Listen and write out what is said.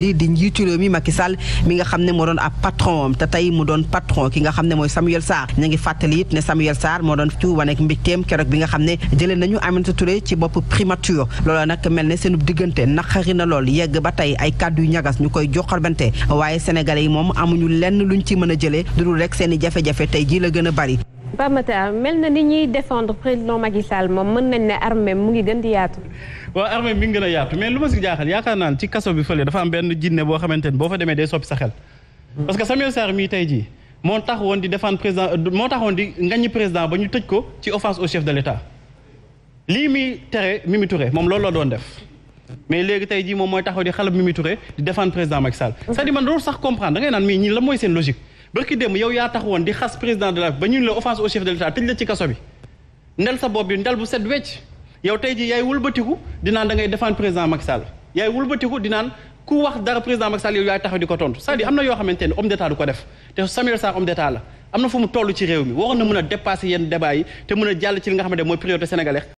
di njiitu réew mi Macky Sall mi nga xam ne moo doon ab patron te tey mu doon patron ki nga xam ne mooy Samuel Sarr ñu ngi fàttali it ne Samuel Sarr moo doon ci waneeg mbégteem keroog bi nga xam ne jëlee nañu Aminata Touré ci bopp primature loolu nag mel ne seenub diggante naqari na lool yegg ba tey ay kàddu yu ñagas ñu koy joxarbante waaye sénégalais yi moom amuñu lenn luñ ci mën a jëlee dudul rekk seen i jafe-jafe tey jii la gën a bari Pape Matar mel na ni ñuy défendre président Macky Sall moom mën nañ ne armée mu ngi gën di yaatu. waaw armée mi ngi gën yaatu mais lu ma si jaaxal yaakaar naa ci kaso bi fële dafa am benn jinne boo xamante ne boo fa demee day soppi sa xel. parce que Samuel Sarr mii tey jii moo tax woon di défendre président moo tax woon di ba ñu tëj ko ci offense au lii tere Mimi Touré moom loolu la doon def mais léegi tey jii moom mooy taxaw di xalab Mimi Touré di défendre président Macky Sall. cest sax comprendre da naan mii ñii la mooy seen bërki dem yow yaa tax woon di xas président de la ba ñu la offense au chef de l'état tëj la ci kaso bi ndel sa bopp bi ndel bu set wecc yow tey ji yaay wëlbatiku dinaan da ngay défendre président Macky Sall yaay wëlbatiku dinaan ku wax dara président Macky Sall yaay taxaw di ko tontu cest à am na yoo xamante ne homme taa du ko def te Samuel Sarr homme d'état la am na fu mu toll ci réew mi waroon na mën a dépasser yenn débat yi te mën a jàll ci li nga xamante mooy priorité sénégalais